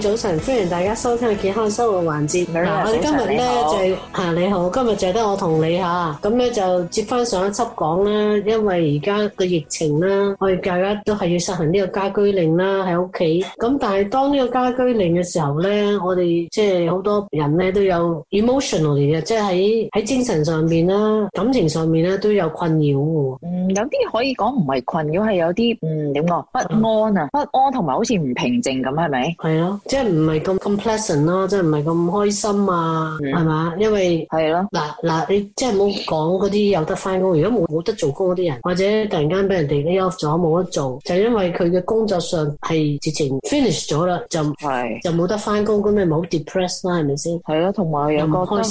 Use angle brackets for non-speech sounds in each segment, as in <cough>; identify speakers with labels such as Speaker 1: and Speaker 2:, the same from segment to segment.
Speaker 1: 早晨，歡迎大家收聽健康生活環節。我哋今日咧就係、是、嚇、啊、你好，今日就係得我同你嚇。咁咧就接翻上，上一輯講啦。因為而家個疫情啦，我哋大家都係要實行呢個家居令啦，喺屋企。咁但係當呢個家居令嘅時候咧，我哋即係好多人咧都有 emotionally 嘅，即係喺喺精神上面啦、感情上面咧都有困擾嘅。嗯，有啲可以
Speaker 2: 講唔係困擾，係有啲嗯點講不安啊，嗯、不安同埋好似唔平靜咁，係咪？
Speaker 1: 即係唔係咁咁 pleasant 啦，即係唔係咁開心啊，係嘛、嗯？因為係咯嗱嗱，你即係冇講嗰啲有得翻工，如果冇冇得做工嗰啲人，或者突然間俾人哋 off 咗冇得做，就係、因為佢嘅工作上係直情 finish 咗啦，就就冇得翻工，咁你咪好 depressed 啦，係咪先？係咯，同埋有個好不安，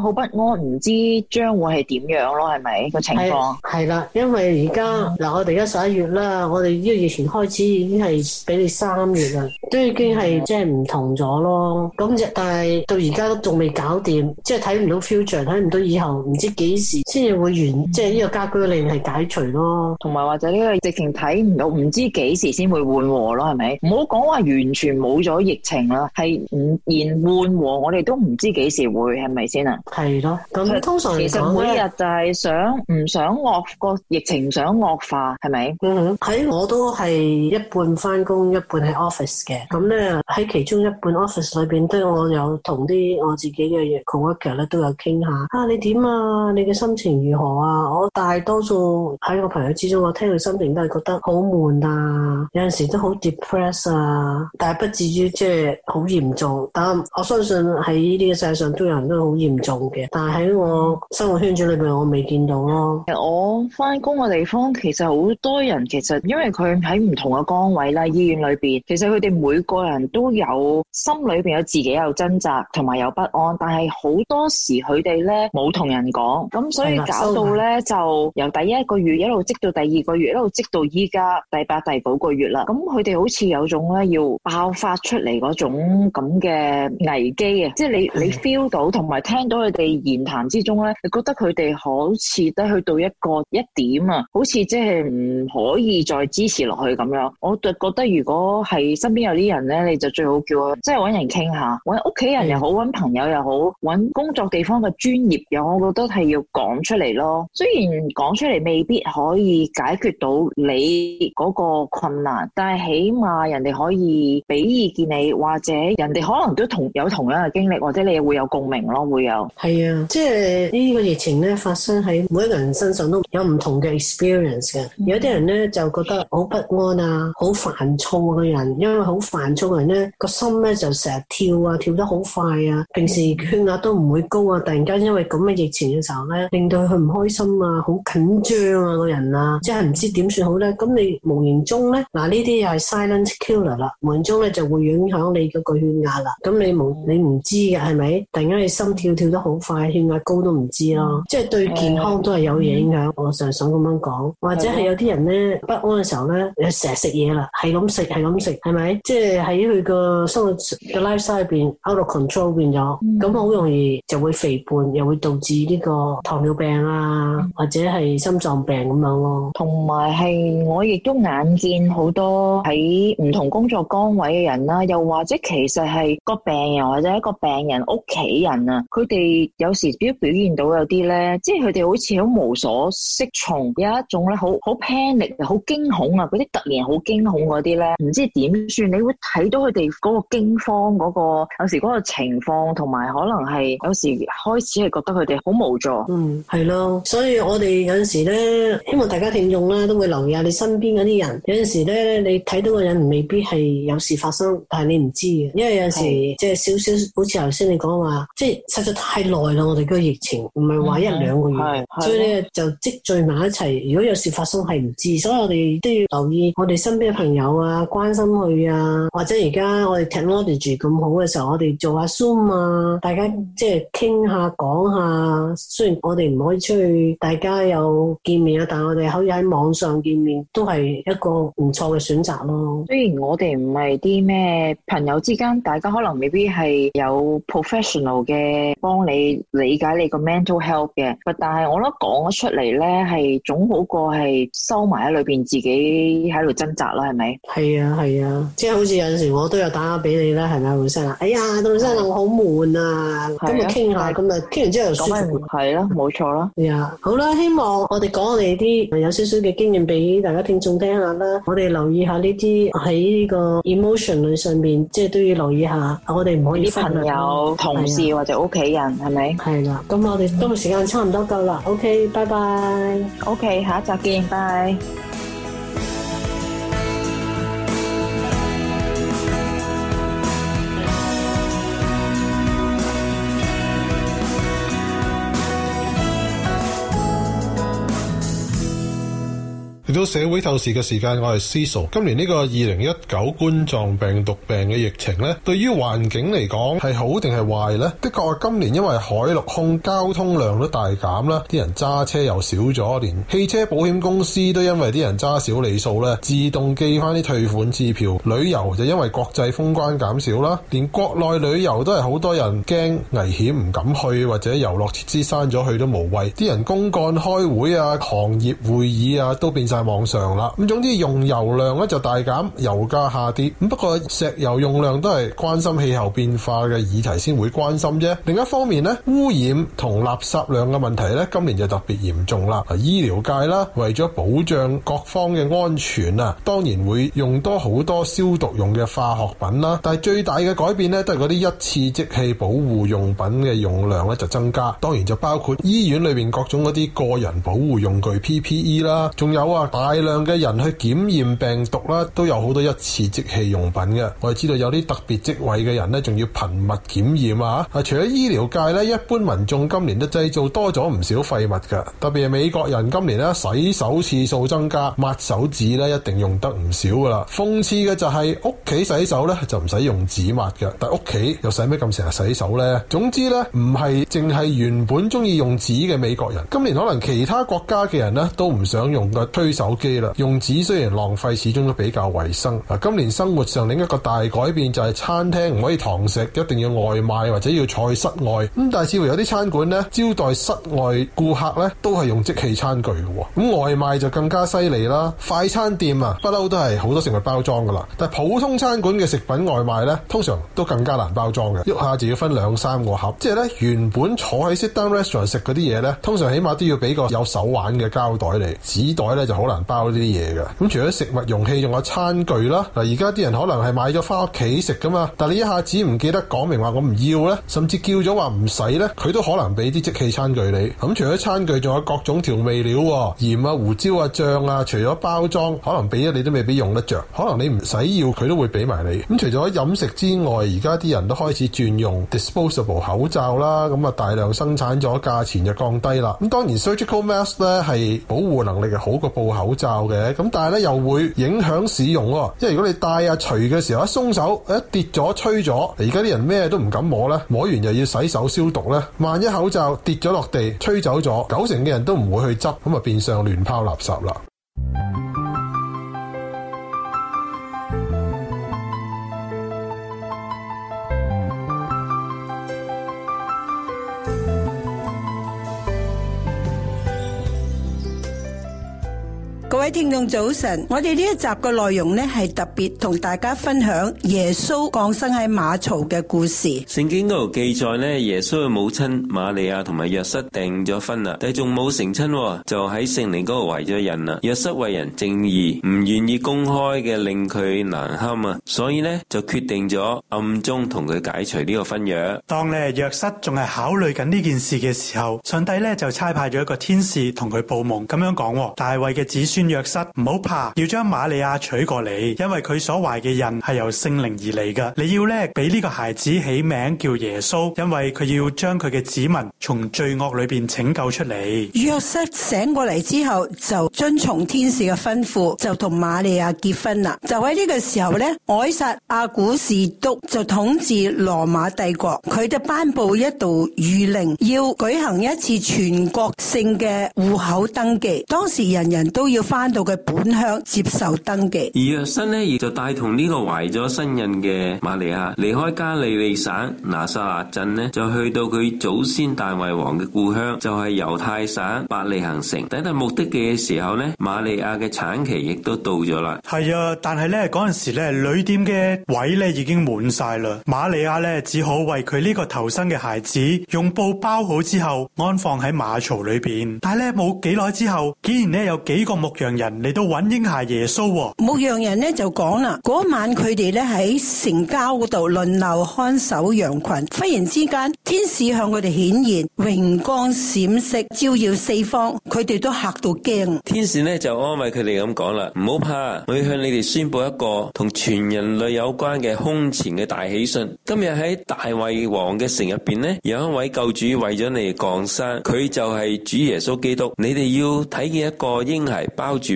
Speaker 1: 好不安，唔知將會係點樣咯，係咪個情況？係啦，因為而家嗱，我哋而家十一月啦，我哋呢個疫情開始已經係俾你三月啦， <laughs> 已經係即係唔同咗咯，咁但係到而家都仲未搞掂，即係睇唔到 future，睇唔到以後，唔知幾時先至會完，嗯、即係呢個家居令係解除咯，同埋或者呢個疫情睇唔到，唔知幾時先會緩和咯，係咪？唔好講話完
Speaker 2: 全冇咗疫情啦，係唔然緩和，我哋都唔知幾時會係咪先啊？
Speaker 1: 係咯，
Speaker 2: 咁通常、就是、其實每日就係想唔想惡個疫情想惡，
Speaker 1: 想惡化係咪？喺、嗯、我都係一半翻工，一半喺 office 嘅。咁咧喺其中一半 office 裏邊都我有同啲我自己嘅 coworker 咧都有傾下。啊，你點啊？你嘅心情如何啊？我大多數喺我朋友之中，我聽佢心情都係覺得好悶啊，有陣時都好 depress 啊。但係不至於即係好嚴重。但我相信喺呢啲嘅世界上都有人都好嚴重嘅。但係喺我生活圈子裏邊我未見到咯。我翻工嘅地方
Speaker 2: 其實好多人，其實因為佢喺唔同嘅崗位啦，醫院裏邊其實佢哋每個人都有心裏邊有自己有掙扎同埋有，有不安，但係好多時佢哋咧冇同人講，咁所以搞到咧就由第一個月一路積到第二個月，一路積到依家第八、第九個月啦。咁佢哋好似有種咧要爆發出嚟嗰種咁嘅危機啊！即係你你 feel 到同埋聽到佢哋言談之中咧，你覺得佢哋好似得去到一個一點啊，好似即係唔可以再支持落去咁樣。我就覺得如果係身邊有啲人，咧，你就最好叫我，即係揾人傾下，揾屋企人又好，揾朋友又好，揾工作地方嘅專業又，我覺得係要講出嚟咯。雖然講出嚟未必可以解決到你嗰個困難，但係起碼人哋可以俾意見你，或者人哋可能都同有同樣嘅經歷，或者你會有共鳴咯，會有。
Speaker 1: 係啊，即係呢個疫情咧發生喺每一個人身上都有唔同嘅 experience 嘅，有啲人咧就覺得好不安啊，好煩躁嘅人，因為好煩。人族人咧個心咧就成日跳啊，跳得好快啊！平時血壓都唔會高啊，突然間因為咁嘅疫情嘅時候咧，令到佢唔開心啊，好緊張啊，個人啊，即係唔知點算好咧。咁你無形中咧，嗱呢啲又係 silent killer 啦。無形中咧就會影響你嗰個血壓啦。咁你無你唔知嘅係咪？突然間你心跳跳得好快，血壓高都唔知咯。即係對健康都係有影響。嗯。我常想咁樣講，或者係有啲人咧不安嘅時候咧，你成日食嘢啦，係咁食係咁食，係咪？即係。喺佢個生活嘅 life cycle 入邊，out of control 變咗，咁好容易就會肥胖，又會導致呢個糖尿病啊，或者係心臟病咁樣咯。同埋係我亦都眼見好多喺唔同工作崗位嘅人啦，
Speaker 2: 又或者其實係個病人或者一個病人屋企人啊，佢哋有時表表現到有啲咧，即係佢哋好似好無所適從，有一種咧好好 panic、好驚恐啊！嗰啲突然好驚恐嗰啲咧，唔知點算，你會？睇到佢哋嗰個驚慌，嗰、嗰個有時嗰個情況，同埋可能係有時開始
Speaker 1: 係覺得佢哋好無助。嗯，係咯。所以我哋有陣時咧，希望大家聽眾啦都會留意下你身邊嗰啲人。有陣時咧，你睇到個人未必係有事發生，但係你唔知嘅，因為有陣時即係少少，好似頭先你講話，即係實在太耐啦。我哋個疫情唔係話一兩個月，嗯、所以咧就積聚埋一齊。如果有事發生係唔知，所以我哋都要留意我哋身邊嘅朋友啊，關心佢啊。或者而家我哋 technology 咁好嘅時候，我哋做下 zoom 啊，大家即係傾下講下。雖然我哋唔可以出去，大家有見面啊，但係我哋可以喺網上見面都係一個唔錯嘅選擇咯。雖然我哋唔係啲咩
Speaker 2: 朋友之間，大家可能未必係有 professional 嘅幫你理解你個 mental health 嘅，但係我都講咗出嚟咧，係總好過係收埋喺裏邊自己喺度掙扎啦，係咪？
Speaker 1: 係啊，係啊，即係好似。有陣時我都有打下俾你啦，係咪老生啊？哎呀，老生啊，我好悶啊，咁啊傾下，咁啊傾完之後就舒服係咯，冇錯啦。係呀，好啦，希望我哋講我哋啲有少少嘅經驗俾大家聽眾聽下啦。我哋留意下呢啲喺呢個 emotion 裏上面，即係都要留意下。我哋唔好啲朋友、同事或者屋企人係咪？係啦，咁我哋今日時間差唔多夠啦。OK，拜拜。OK，下一集見，拜。
Speaker 3: 到社會透視嘅時間，我係 CISO。今年呢個二零一九冠狀病毒病嘅疫情呢，對於環境嚟講係好定係壞呢？的確今年因為海陸空交通量都大減啦，啲人揸車又少咗，連汽車保險公司都因為啲人揸少理數咧，自動寄翻啲退款支票。旅遊就因為國際封關減少啦，連國內旅遊都係好多人驚危險唔敢去，或者遊樂設施閂咗去都無謂。啲人公幹開會啊，行業會議啊，都變晒。往上啦，咁總之用油量咧就大減，油價下跌，咁不過石油用量都係關心氣候變化嘅議題先會關心啫。另一方面呢，污染同垃圾量嘅問題呢，今年就特別嚴重啦。醫療界啦，為咗保障各方嘅安全啊，當然會用多好多消毒用嘅化學品啦。但係最大嘅改變呢，都係嗰啲一次即棄保護用品嘅用量咧就增加，當然就包括醫院裏邊各種嗰啲個人保護用具 PPE 啦，仲有啊。大量嘅人去檢驗病毒啦，都有好多一次即棄用品嘅。我哋知道有啲特別職位嘅人咧，仲要頻密檢驗啊！啊，除咗醫療界咧，一般民眾今年都製造多咗唔少廢物㗎。特別係美國人今年咧，洗手次數增加，抹手指咧一定用得唔少噶啦。諷刺嘅就係屋企洗手咧就唔使用，用紙抹嘅，但屋企又使咩咁成日洗手咧？總之咧，唔係淨係原本中意用紙嘅美國人，今年可能其他國家嘅人咧都唔想用嘅推手。手機啦，用紙雖然浪費，始終都比較衛生。啊，今年生活上另一個大改變就係餐廳唔可以堂食，一定要外賣或者要坐喺室外。咁、嗯、但係似乎有啲餐館咧，招待室外顧客咧，都係用即棄餐具嘅。咁、啊、外賣就更加犀利啦。快餐店啊，不嬲都係好多食物包裝噶啦。但係普通餐館嘅食品外賣呢，通常都更加難包裝嘅。一下就要分兩三個盒，即、就、係、是、呢，原本坐喺 sit down restaurant 食嗰啲嘢呢，通常起碼都要俾個有手環嘅膠袋嚟，紙袋呢就好難。包呢啲嘢嘅，咁除咗食物容器，仲有餐具啦。嗱，而家啲人可能係買咗返屋企食噶嘛，但你一下子唔記得講明話我唔要咧，甚至叫咗話唔使咧，佢都可能俾啲即棄餐具你。咁除咗餐具，仲有各種調味料，鹽啊、胡椒啊、醬啊，除咗包裝，可能俾咗你都未必用得着，可能你唔使要，佢都會俾埋你。咁除咗飲食之外，而家啲人都開始轉用 disposable 口罩啦，咁啊大量生產咗，價錢就降低啦。咁當然 surgical mask 咧係保護能力好過布口。口罩嘅。咁，但係咧又會影響使用，哦，因為如果你戴啊除嘅時候一鬆手，一跌咗吹咗，而家啲人咩都唔敢摸咧，摸完又要洗手消毒咧，萬一口罩跌咗落地吹走咗，九成嘅人都唔會去執，咁啊變相亂拋垃，垃圾啦。
Speaker 4: 各位聽眾早晨，我哋呢一集嘅內容呢係特別同大家分享耶穌降生喺馬槽嘅故事。
Speaker 5: 聖經嗰度記載呢，耶穌嘅母親瑪利亞同埋約瑟訂咗婚啦，但係仲冇成親，就喺聖靈嗰度為咗人啦。約瑟為人正義，唔願意公開嘅令佢難堪啊，所以呢就決定咗暗中同佢解除呢個婚約。
Speaker 6: 當你係約瑟仲係考慮緊呢件事嘅時候，上帝呢就差派咗一個天使同佢報夢，咁樣講，大衛嘅子孫。約瑟唔好怕，要將瑪利亞娶過嚟，因為佢所懷嘅人係由聖靈而嚟噶。你要咧俾呢個孩子起名叫耶穌，因為佢要將佢嘅子民從罪惡裏邊拯救出嚟。
Speaker 4: 約瑟醒過嚟之後，就遵從天使嘅吩咐，就同瑪利亞結婚啦。就喺呢個時候呢，凱撒阿古士督就統治羅馬帝國，佢就頒布一道諭令，要舉行一次全國性嘅戶口登記，當時人人都要。翻到佢本鄉接受登記，
Speaker 5: 而約瑟咧亦就帶同呢個懷咗身孕嘅瑪利亞離開加利利省拿撒勒鎮呢，就去到佢祖先大衛王嘅故鄉，就係、是、猶太省伯利恒城。抵達目的地嘅時候呢，瑪利亞嘅產期亦都到咗啦。
Speaker 6: 係啊，但係呢，嗰陣時咧，旅店嘅位呢已經滿晒啦。瑪利亞呢，只好為佢呢個投生嘅孩子用布包好之後，安放喺馬槽裏邊。但係呢，冇幾耐之後，竟然呢有幾個目。羊人，嚟到揾嬰孩耶穌。
Speaker 4: 牧羊人咧就講啦，嗰晚佢哋咧喺城郊嗰度輪流看守羊群。忽然之間，天使向佢哋顯現，榮光閃爍，照耀四方。佢哋都嚇到驚。
Speaker 5: 天使咧就安慰佢哋咁講啦：唔好怕，我要向你哋宣布一個同全人類有關嘅空前嘅大喜訊。今日喺大衛王嘅城入邊咧，有一位救主為咗你哋降生，佢就係主耶穌基督。你哋要睇見一個嬰孩。住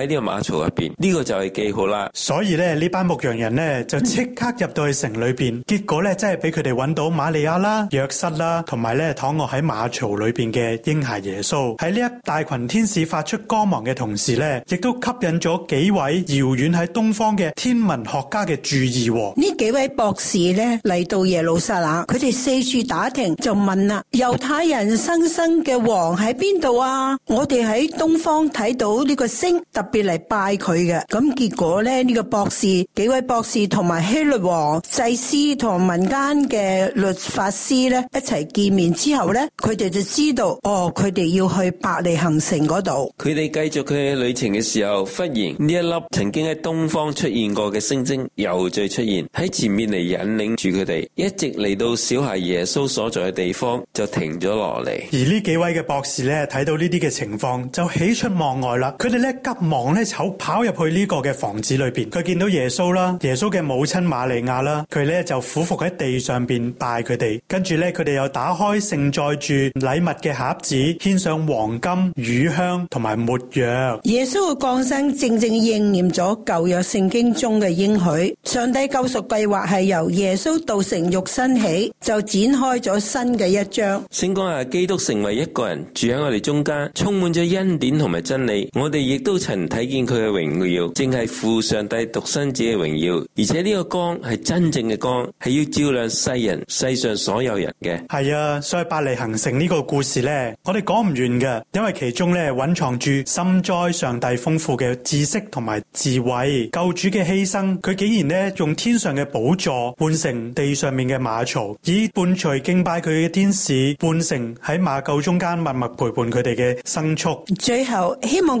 Speaker 5: 喺呢個馬槽入邊，呢、這個就係記號啦。
Speaker 6: 所以咧，呢班牧羊人呢，就即刻入到去城裏邊、嗯，結果咧真係俾佢哋搵到瑪利亞啦、約瑟啦，同埋咧躺臥喺馬槽裏邊嘅嬰孩耶穌。喺呢一大群天使發出光芒嘅同時咧，亦都吸引咗幾位遙遠喺東方嘅天文學家嘅注意、哦。
Speaker 4: 呢幾位博士咧嚟到耶路撒冷，佢哋四處打聽，就問啦：猶太人生生嘅王喺邊度啊？我哋喺東方睇到。到、這、呢個星特別，特別嚟拜佢嘅，咁結果咧呢、這個博士，幾位博士同埋希律王祭司同民間嘅律法師咧一齊見面之後咧，佢哋就知道哦，佢哋要去伯利恆城嗰度。
Speaker 5: 佢哋繼續佢嘅旅程嘅時候，忽然呢一粒曾經喺東方出現過嘅星星又再出現喺前面嚟引領住佢哋，一直嚟到小孩耶穌所在嘅地方就停咗落嚟。
Speaker 6: 而呢幾位嘅博士咧睇到呢啲嘅情況，就喜出望外。佢哋咧急忙咧就跑入去呢個嘅房子裏邊，佢見到耶穌啦，耶穌嘅母親瑪利亞啦，佢咧就俯伏喺地上邊拜佢哋，跟住咧佢哋又打開盛載住禮物嘅盒子，獻上黃金、乳香同埋沒藥。耶穌嘅
Speaker 4: 降生正正應驗咗舊約聖經中嘅應許，上帝救贖計劃係由耶穌道成肉身起就展開咗新嘅一章。
Speaker 5: 先講下基督成為一個人住喺我哋中間，充滿咗恩典同埋真理。我哋亦都曾睇見佢嘅榮耀，正係父上帝獨生子嘅榮耀。而且呢個光係真正嘅光，係要照亮世人、世上所有人嘅。
Speaker 6: 係啊，所以伯利恒城呢個故事咧，我哋講唔完嘅，因為其中咧蘊藏住心災上帝豐富嘅知識同埋智慧。救主嘅犧牲，佢竟然咧用天上嘅寶座換成地上面嘅馬槽，以伴隨敬拜佢嘅天使換成喺馬廄中間默默陪伴佢哋嘅牲畜。最後，
Speaker 4: 希望。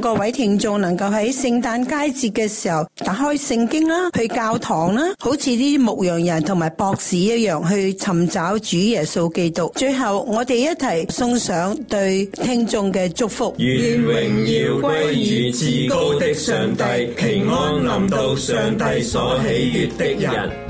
Speaker 4: 願榮耀歸於至高的上帝，平安臨到上帝所喜
Speaker 5: 悅的人。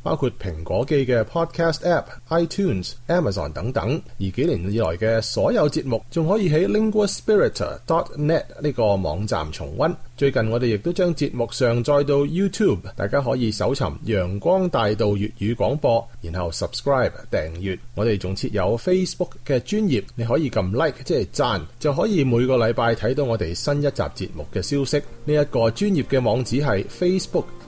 Speaker 7: 包括蘋果機嘅 Podcast App、iTunes、Amazon 等等，而幾年以來嘅所有節目仲可以喺 linguaspirit.net 呢個網站重溫。最近我哋亦都將節目上載到 YouTube，大家可以搜尋陽光大道粵語廣播，然後 subscribe 訂閱。我哋仲設有 Facebook 嘅專頁，你可以撳 like 即係讚，就可以每個禮拜睇到我哋新一集節目嘅消息。呢一個專頁嘅網址係 Facebook